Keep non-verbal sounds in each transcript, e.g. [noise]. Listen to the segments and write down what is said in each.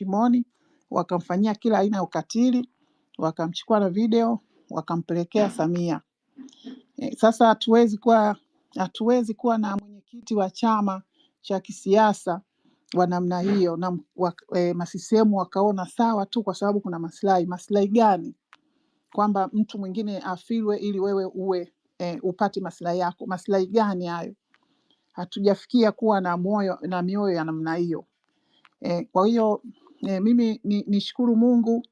shimoni, wakamfanyia kila aina ya ukatili, wakamchukua na video wakampelekea Samia. E, sasa hatuwezi kuwa hatuwezi kuwa na mwenyekiti wa chama cha kisiasa wa namna hiyo na e, masisemu wakaona sawa tu, kwa sababu kuna maslahi. Maslahi gani? Kwamba mtu mwingine afilwe ili wewe uwe e, upate maslahi yako. Maslahi gani hayo? Hatujafikia kuwa na moyo na mioyo ya namna hiyo e, kwa hiyo E, mimi ni, nishukuru Mungu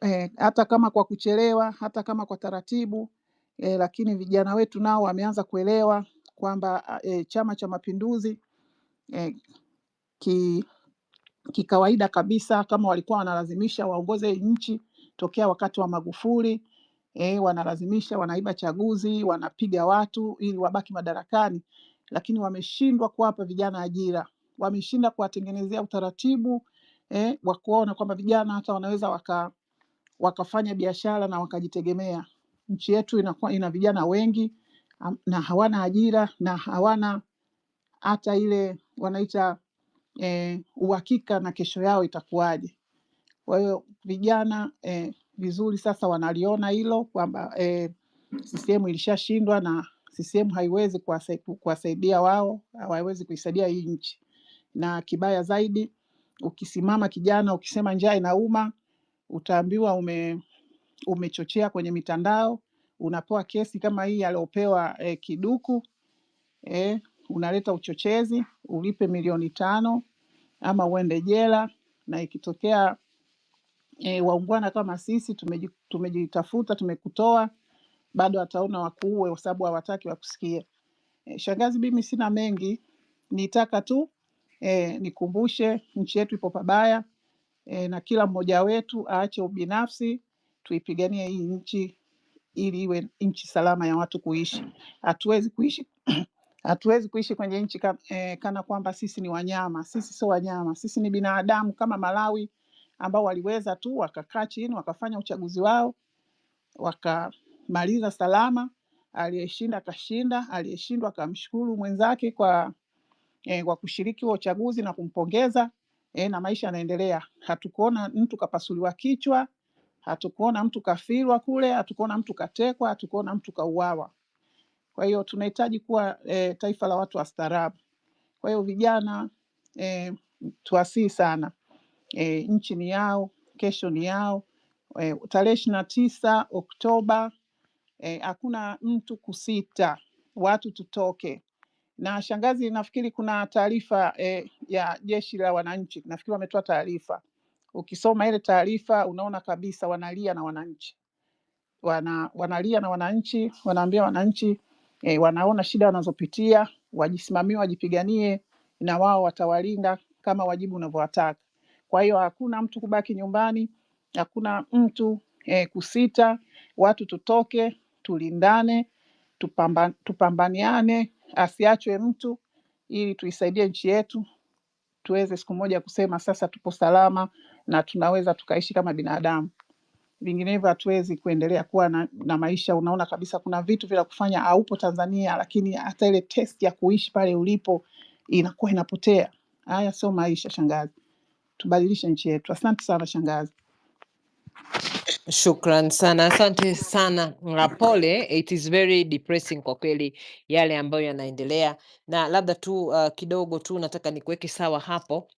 e, hata kama kwa kuchelewa, hata kama kwa taratibu e, lakini vijana wetu nao wameanza kuelewa kwamba e, Chama cha Mapinduzi e, ki kikawaida kabisa kama walikuwa wanalazimisha waongoze nchi tokea wakati wa Magufuli e, wanalazimisha, wanaiba chaguzi, wanapiga watu ili wabaki madarakani, lakini wameshindwa kuwapa vijana ajira, wameshindwa kuwatengenezea utaratibu eh, wa kuona kwamba vijana hata wanaweza waka, wakafanya biashara na wakajitegemea. Nchi yetu inakuwa ina vijana wengi na hawana ajira na hawana hata ile wanaita eh, uhakika na kesho yao itakuwaje. Kwa hiyo vijana eh, vizuri sasa wanaliona hilo kwamba eh, CCM ilishashindwa na CCM haiwezi kuwasaidia wao, hawawezi kuisaidia hii nchi, na kibaya zaidi Ukisimama kijana, ukisema njaa inauma, utaambiwa ume umechochea kwenye mitandao. Unapewa kesi kama hii aliopewa eh, Kiduku eh, unaleta uchochezi, ulipe milioni tano ama uende jela. Na ikitokea eh, waungwana kama sisi tumeji- tumejitafuta tumekutoa, bado ataona wakuue, kwa sababu hawataki wakusikie. Eh, shangazi, mimi sina mengi, nitaka tu E, nikumbushe nchi yetu ipo pabaya e, na kila mmoja wetu aache ubinafsi, tuipiganie hii nchi ili iwe nchi salama ya watu kuishi. Hatuwezi kuishi [clears throat] hatuwezi kuishi kwenye nchi ka, e, kana kwamba sisi ni wanyama. Sisi sio wanyama, sisi ni binadamu kama Malawi ambao waliweza tu wakakaa chini wakafanya uchaguzi wao wakamaliza salama, aliyeshinda akashinda, aliyeshindwa akamshukuru mwenzake kwa e, eh, wa kushiriki huo uchaguzi na kumpongeza e, na maisha yanaendelea. Hatukuona mtu kapasuliwa kichwa, hatukuona mtu kafirwa kule, hatukuona mtu katekwa, hatukuona mtu kauawa. Kwa hiyo tunahitaji kuwa e, taifa la watu wastaarabu. Kwa hiyo vijana e, tuwasii sana e, nchi ni yao, kesho ni yao. E, tarehe ishirini na tisa Oktoba, hakuna e, mtu kusita, watu tutoke na shangazi, nafikiri kuna taarifa eh, ya jeshi la wananchi, nafikiri wametoa taarifa. Ukisoma ile taarifa unaona kabisa wanalia na wananchi wana, wanalia na wananchi, wanaambia wananchi eh, wanaona shida wanazopitia, wajisimamie, wajipiganie na wao watawalinda kama wajibu unavyowataka. Kwa hiyo hakuna mtu kubaki nyumbani, hakuna mtu eh, kusita. Watu tutoke, tulindane, tupamba, tupambaniane asiachwe mtu, ili tuisaidie nchi yetu tuweze siku moja kusema sasa tupo salama na tunaweza tukaishi kama binadamu. Vinginevyo hatuwezi kuendelea kuwa na, na maisha. Unaona kabisa kuna vitu vya kufanya, aupo Tanzania, lakini hata ile test ya kuishi pale ulipo inakuwa inapotea. Haya sio maisha shangazi, tubadilishe nchi yetu. Asante sana shangazi. Shukran sana, asante sana Ngapole. It is very depressing kwa kweli yale ambayo yanaendelea, na labda tu uh, kidogo tu nataka nikuweke sawa hapo.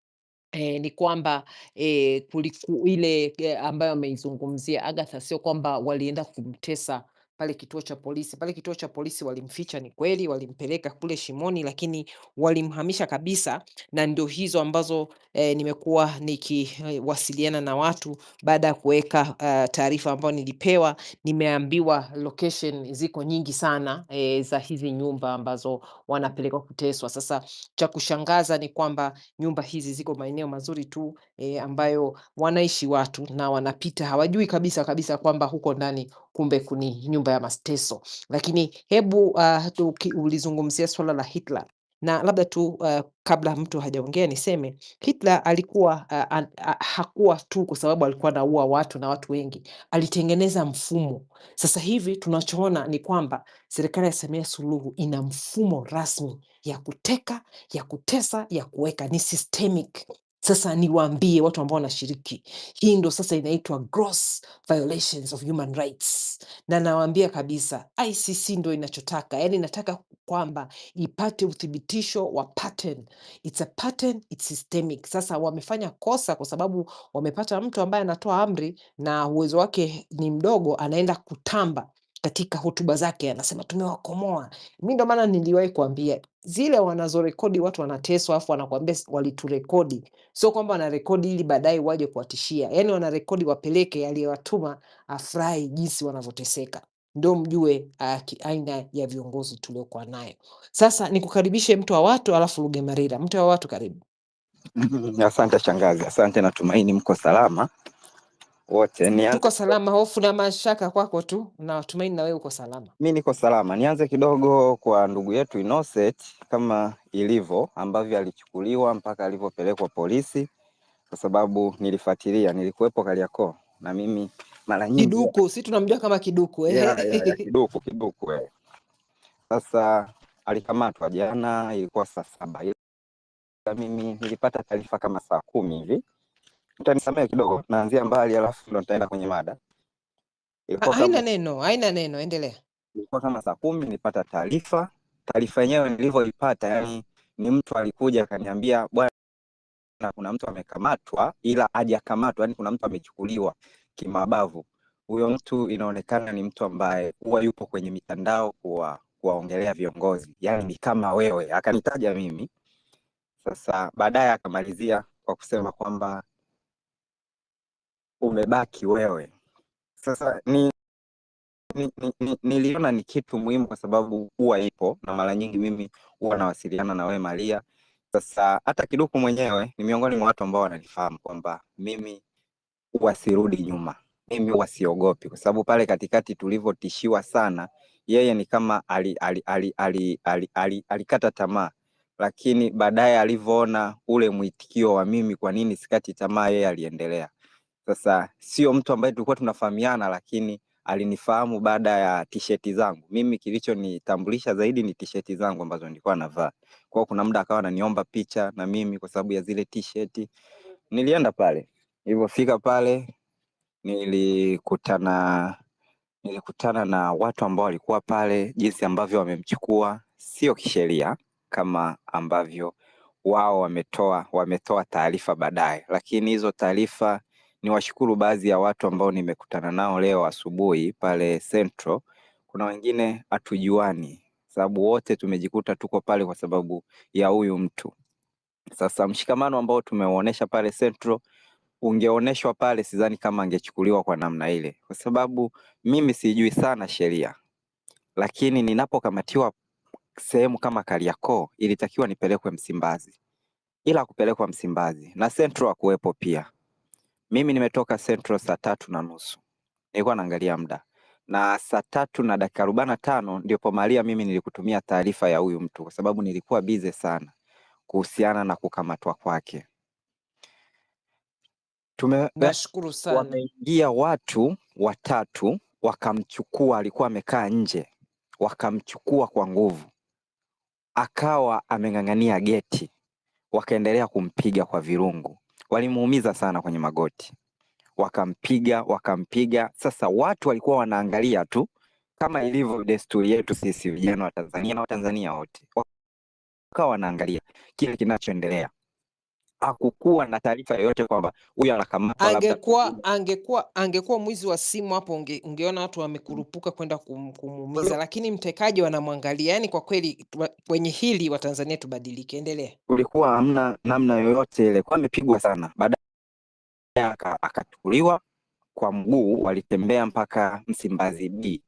Eh, ni kwamba eh, kuliku ile eh, ambayo ameizungumzia Agatha, sio kwamba walienda kumtesa pale kituo cha polisi. Pale kituo cha polisi walimficha, ni kweli, walimpeleka kule Shimoni, lakini walimhamisha kabisa, na ndio hizo ambazo eh, nimekuwa nikiwasiliana na watu baada ya kuweka uh, taarifa ambayo nilipewa. Nimeambiwa location ziko nyingi sana eh, za hizi nyumba ambazo wanapelekwa kuteswa. Sasa cha kushangaza ni kwamba nyumba hizi ziko maeneo mazuri tu eh, ambayo wanaishi watu na wanapita hawajui kabisa kabisa kwamba huko ndani kumbe kuni nyumba ya mateso. Lakini hebu uh, ulizungumzia swala la Hitler na labda tu uh, kabla mtu hajaongea niseme Hitler alikuwa uh, uh, hakuwa tu kwa sababu alikuwa anaua watu na watu wengi, alitengeneza mfumo. Sasa hivi tunachoona ni kwamba serikali ya Samia Suluhu ina mfumo rasmi ya kuteka, ya kutesa, ya kuweka, ni systemic. Sasa niwaambie watu ambao wanashiriki, hii ndo sasa inaitwa gross violations of human rights, na nawaambia kabisa ICC ndo inachotaka, yani inataka kwamba ipate uthibitisho wa pattern. It's a pattern, it's systemic. Sasa wamefanya kosa kwa sababu wamepata mtu ambaye anatoa amri na uwezo wake ni mdogo, anaenda kutamba katika hotuba zake anasema tumewakomoa. Mi ndo maana niliwahi kuambia zile wanazorekodi watu wanateswa, afu wanakuambia waliturekodi. Sio kwamba wanarekodi ili baadaye waje kuwatishia, yani wanarekodi wapeleke, aliyewatuma afurahi jinsi wanavyoteseka. Ndo mjue ah, aina ya viongozi tuliokuwa nayo. Sasa nikukaribishe mtu wa watu, alafu marira mtu wa watu, karibu. [laughs] Asante shangazi, asante. Natumaini mko salama wote ni tuko salama. Hofu na mashaka kwako tu, na tumaini na wewe uko salama. Mi niko salama. Nianze kidogo kwa ndugu yetu Innocent, kama ilivyo ambavyo alichukuliwa mpaka alivyopelekwa polisi, kwa sababu nilifuatilia, nilikuwepo Kariakoo na mimi mara nyingi kiduku, si tunamjua kama kiduku eh? yeah, yeah, yeah, [laughs] kiduku kiduku eh. Sasa alikamatwa jana, ilikuwa saa saba, mimi nilipata taarifa kama saa kumi hivi Utanisamee kidogo, naanzia mbali alafu ndo nitaenda kwenye mada. Haina neno, haina neno, endelea. Ilikuwa kama saa kumi nipata taarifa. Taarifa yenyewe nilivyoipata, yani ni mtu alikuja akaniambia, bwana, kuna mtu amekamatwa, ila hajakamatwa, yani kuna mtu amechukuliwa kimabavu. Huyo mtu inaonekana ni mtu ambaye huwa yupo kwenye mitandao kuwa kuwaongelea viongozi, yani ni kama wewe. Akanitaja mimi. Sasa baadaye akamalizia kwa kusema kwamba umebaki wewe. Sasa ni niliona ni, ni, ni, ni kitu muhimu kwa sababu huwa ipo na mara nyingi mimi huwa nawasiliana na wewe Maria. Sasa hata Kiduku mwenyewe ni miongoni mwa watu ambao wananifahamu kwamba mimi huwa sirudi nyuma, mimi huwa siogopi, kwa sababu pale katikati tulivyotishiwa sana, yeye ni kama alikata ali, ali, ali, ali, ali, ali, ali tamaa, lakini baadaye alivyoona ule mwitikio wa mimi, kwa nini sikati tamaa, yeye aliendelea. Sasa sio mtu ambaye tulikuwa tunafahamiana, lakini alinifahamu baada ya tisheti zangu. Mimi kilichonitambulisha zaidi ni tisheti zangu ambazo nilikuwa navaa. Kwa kuna muda akawa ananiomba picha na mimi kwa sababu ya zile tisheti. Nilienda pale, nilipofika pale nilikutana nilikutana na watu ambao walikuwa pale, jinsi ambavyo wamemchukua sio kisheria kama ambavyo wao wametoa wametoa taarifa baadaye, lakini hizo taarifa niwashukuru baadhi ya watu ambao nimekutana nao leo asubuhi pale Central. Kuna wengine hatujuani, sababu wote tumejikuta tuko pale kwa sababu ya huyu mtu. Sasa mshikamano ambao tumeuonesha pale Central ungeoneshwa pale, sidhani kama angechukuliwa kwa namna ile, kwa sababu mimi sijui sana sheria, lakini ninapokamatiwa sehemu kama Kariakoo ilitakiwa nipelekwe Msimbazi, ila kupelekwa Msimbazi na Central akuwepo pia mimi nimetoka Central saa tatu na nusu nilikuwa naangalia muda na saa tatu na dakika arobaini na tano ndipo Maria, mimi nilikutumia taarifa ya huyu mtu, kwa sababu nilikuwa bize sana kuhusiana na kukamatwa kwake. Nashukuru sana. Wameingia watu watatu wakamchukua, alikuwa amekaa nje, wakamchukua kwa nguvu, akawa ameng'ang'ania geti, wakaendelea kumpiga kwa virungu walimuumiza sana kwenye magoti, wakampiga wakampiga. Sasa watu walikuwa wanaangalia tu kama ilivyo desturi yetu sisi vijana wa Tanzania na Watanzania wote wakawa wanaangalia kile kinachoendelea hakukuwa na taarifa yoyote kwamba huyo anakamatwa. Angekuwa angekuwa angekuwa mwizi wa simu hapo unge, ungeona watu wamekurupuka kwenda kum, kumuumiza, lakini mtekaji wanamwangalia. Yani kwa kweli kwenye hili Watanzania tubadilike. Endelea. Kulikuwa hamna namna yoyote ile, kwa amepigwa sana, baadaye akachukuliwa kwa mguu, walitembea mpaka Msimbazi B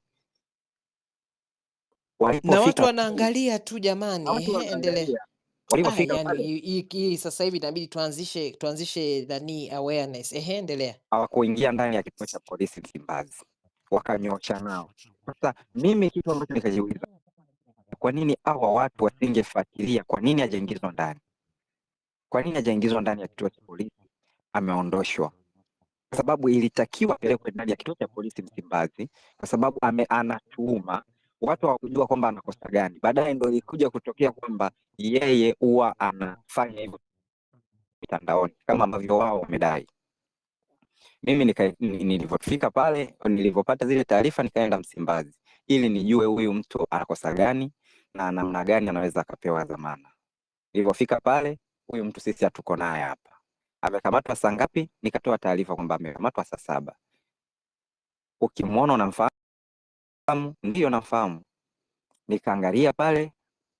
na watu wanaangalia tu jamani. Endelea walipofika yaani yaani sasa hivi inabidi tuanzishe tuanzishe nani awareness. Ehe, endelea. Hawakuingia ndani ya kituo cha polisi Msimbazi, wakanyosha nao. Sasa mimi kitu ambacho nikajiuliza, kwa nini hawa watu wasingefuatilia? Kwa nini hajaingizwa ndani? Kwa nini hajaingizwa ndani ya kituo cha polisi? Ameondoshwa kwa sababu ilitakiwa apelekwe ndani ya kituo cha polisi Msimbazi kwa sababu ame anatuuma watu hawakujua kwamba anakosa gani. Baadaye ndo ilikuja kutokea kwamba yeye huwa anafanya hivyo mitandaoni kama ambavyo wao wamedai. Mimi nilivyofika pale, nilivyopata zile taarifa, nikaenda Msimbazi ili nijue huyu mtu anakosa gani na namna gani anaweza akapewa dhamana. Nilivyofika pale, huyu mtu sisi hatuko naye hapa, amekamatwa saa ngapi? Nikatoa taarifa kwamba amekamatwa saa saba. Ukimwona unamfahamu ndio nafahamu. Nikaangalia pale,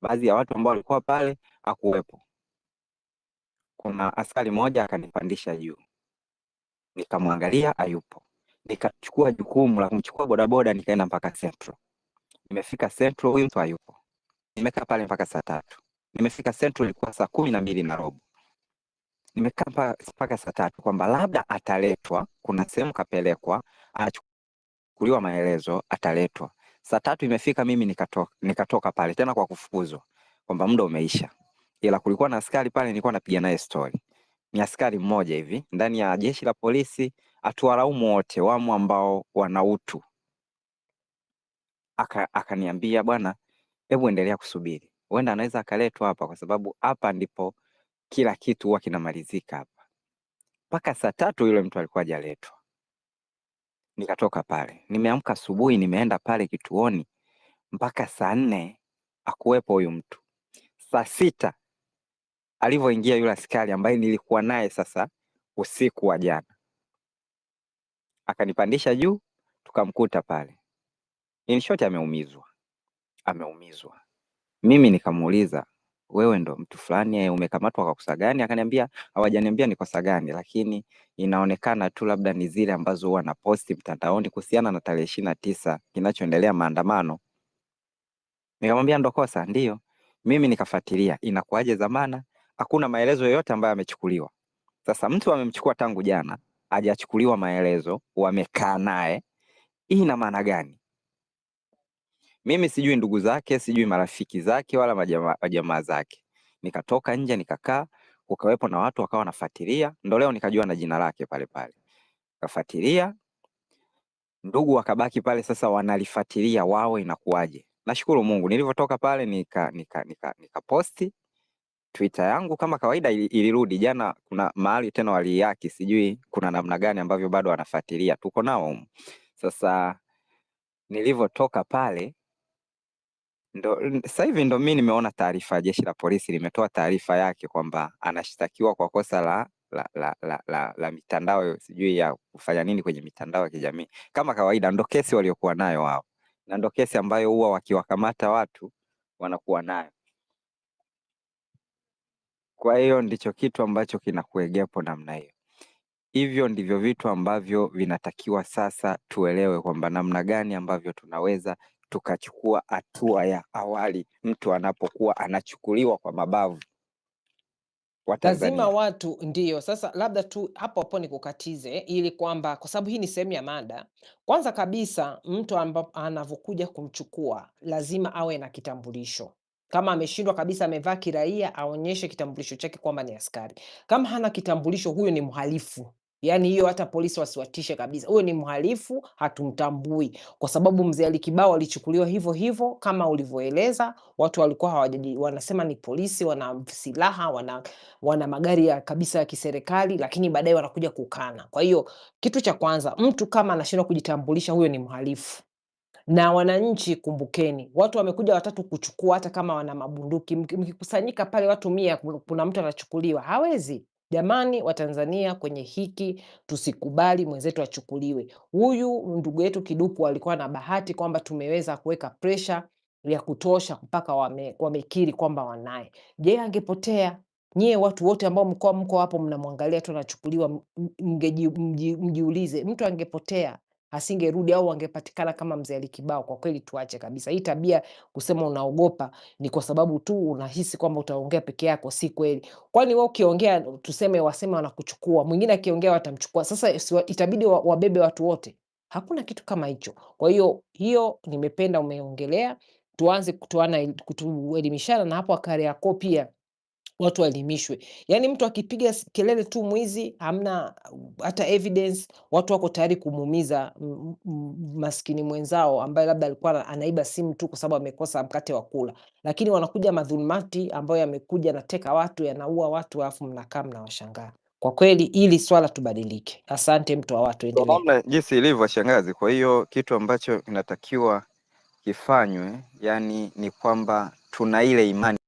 baadhi ya watu ambao walikuwa pale hakuwepo. Kuna askari mmoja akanipandisha juu, nikamwangalia hayupo, nikachukua jukumu la kumchukua bodaboda, nikaenda mpaka Central. Nimefika Central, huyu mtu hayupo. Nimekaa pale mpaka saa tatu. Nimefika Central ilikuwa saa kumi na mbili na robo. Nimekaa mpaka saa tatu kwamba labda ataletwa, kuna sehemu kapelekwa, anachukua kuchukuliwa maelezo ataletwa. Saa tatu imefika, mimi nikatoka, nikatoka pale tena kwa kufukuzwa kwamba muda umeisha, ila kulikuwa na askari pale nilikuwa napiga naye stori. Ni askari mmoja hivi ndani ya jeshi la polisi, atuwalaumu wote, wamo ambao wana utu. Akaniambia, bwana, hebu endelea kusubiri, huenda anaweza akaletwa hapa, kwa sababu hapa ndipo kila kitu huwa kinamalizika hapa. Mpaka saa tatu yule mtu alikuwa hajaletwa nikatoka pale. Nimeamka asubuhi, nimeenda pale kituoni mpaka saa nne akuwepo huyu mtu. Saa sita alivyoingia yule askari ambaye nilikuwa naye sasa usiku wa jana, akanipandisha juu, tukamkuta pale. In short, ameumizwa, ameumizwa. Mimi nikamuuliza wewe ndo mtu fulani eh, umekamatwa kwa kosa gani? Akaniambia hawajaniambia ni kosa gani, lakini inaonekana tu labda ni zile ambazo huwa naposti mtandaoni kuhusiana na tarehe ishirini na tisa kinachoendelea maandamano. Nikamwambia ndo kosa? Ndiyo. Mimi nikafuatilia inakuwaje zamana, hakuna maelezo yoyote ambayo amechukuliwa. Sasa mtu amemchukua tangu jana, hajachukuliwa maelezo, wamekaa naye, hii ina maana gani? Mimi sijui ndugu zake, sijui marafiki zake wala majamaa majama zake. Nikatoka nje nikakaa, kukawepo na watu wakawa wanafuatilia, ndo leo nikajua na jina lake pale pale. Kafuatilia ndugu wakabaki pale, sasa wanalifuatilia wao, inakuwaje? Nashukuru Mungu, nilivyotoka pale nika nika nika nika posti Twitter yangu kama kawaida, ilirudi jana. Kuna mahali tena waliiaki, sijui kuna namna gani ambavyo bado wanafuatilia, tuko nao. Sasa nilivyotoka pale Ndo sasa hivi ndo mi nimeona taarifa, jeshi la polisi limetoa taarifa yake kwamba anashtakiwa kwa kosa la la, la, la, la, la mitandao sijui ya kufanya nini kwenye mitandao ya kijamii. Kama kawaida, ndo kesi waliokuwa nayo wao na ndo kesi ambayo huwa wakiwakamata watu wanakuwa nayo. Kwa hiyo ndicho kitu ambacho kinakuegepo namna hiyo. Hivyo ndivyo vitu ambavyo vinatakiwa sasa tuelewe kwamba namna gani ambavyo tunaweza tukachukua hatua ya awali mtu anapokuwa anachukuliwa kwa mabavu lazima watu ndiyo. Sasa labda tu hapo hapo nikukatize, ili kwamba kwa sababu hii ni sehemu ya mada. Kwanza kabisa, mtu anavyokuja kumchukua lazima awe na kitambulisho. Kama ameshindwa kabisa, amevaa kiraia, aonyeshe kitambulisho chake kwamba ni askari. Kama hana kitambulisho, huyo ni mhalifu Yaani hiyo hata polisi wasiwatishe kabisa, huyo ni mhalifu, hatumtambui. Kwa sababu mzee Ali Kibao alichukuliwa hivyo hivyo kama ulivyoeleza, watu walikuwa hawajaji, wanasema ni polisi, wana silaha, wana, wana magari ya kabisa ya kiserikali, lakini baadaye wanakuja kukana. Kwa hiyo kitu cha kwanza, mtu kama anashindwa kujitambulisha, huyo ni mhalifu na wananchi, kumbukeni, watu wamekuja watatu kuchukua, hata kama wana mabunduki. Mkikusanyika pale watu mia, kuna mtu anachukuliwa, hawezi Jamani Watanzania, kwenye hiki tusikubali mwenzetu achukuliwe. Huyu ndugu yetu Kiduku alikuwa na bahati kwamba tumeweza kuweka presha ya kutosha mpaka wame, wamekiri kwamba wanaye. Je, angepotea? Nyie watu wote ambao mkoa mko hapo mnamwangalia tu anachukuliwa, mjiulize, mtu angepotea asingerudi au wangepatikana kama mzee Alikibao. Kwa kweli tuache kabisa hii tabia kusema unaogopa ni kwa sababu tu unahisi kwamba utaongea peke yako, si kweli. Kwani wewe ukiongea, tuseme wasema wanakuchukua, mwingine akiongea watamchukua. Sasa itabidi wabebe watu wote, hakuna kitu kama hicho. Kwa hiyo hiyo nimependa umeongelea, tuanze kutuana kutuelimishana na hapo Kariakoo pia watu waelimishwe. Yaani mtu akipiga kelele tu mwizi, hamna hata evidence, watu wako tayari kumuumiza maskini mwenzao ambaye labda alikuwa anaiba simu tu kwa sababu amekosa mkate wa kula. Lakini wanakuja madhulumati ambayo yamekuja nateka watu, yanaua watu, alafu mnakaa mnawashangaa. Kwa kweli ili swala tubadilike. Asante mtu wa watu, endelee jinsi ilivyo, shangazi. Kwa hiyo kitu ambacho kinatakiwa kifanywe, yani ni kwamba tuna ile imani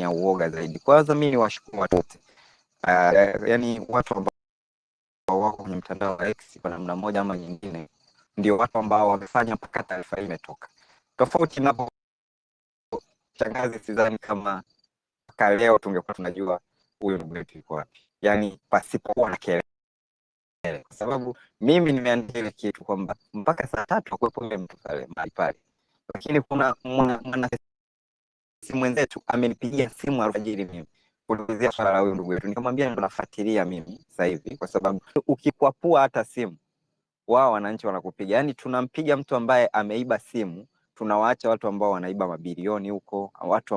ya uoga zaidi. Kwanza mimi niwashukuru watu wote uh, yani watu ambao wako kwenye mtandao wa X kwa namna moja ama nyingine, ndio watu ambao wamefanya mpaka taarifa hii imetoka. Tofauti napo shangazi, sidhani kama mpaka leo tungekuwa tunajua huyu ndugu yetu yuko wapi, yani pasipokuwa na kelele kwa sababu mimi nimeandika ile kitu kwamba mpaka saa tatu akuwepo yule mtu pale mahali pale, lakini kuna mwana, mwana simu mwenzetu amenipigia simu alfajiri mimi kuulizia swala la huyu ndugu yetu, nikamwambia ndo nafuatilia mimi sasa hivi, kwa sababu ukikwapua hata simu wao wananchi wanakupiga. Yani tunampiga mtu ambaye ameiba simu, tunawaacha watu ambao wanaiba mabilioni huko, watu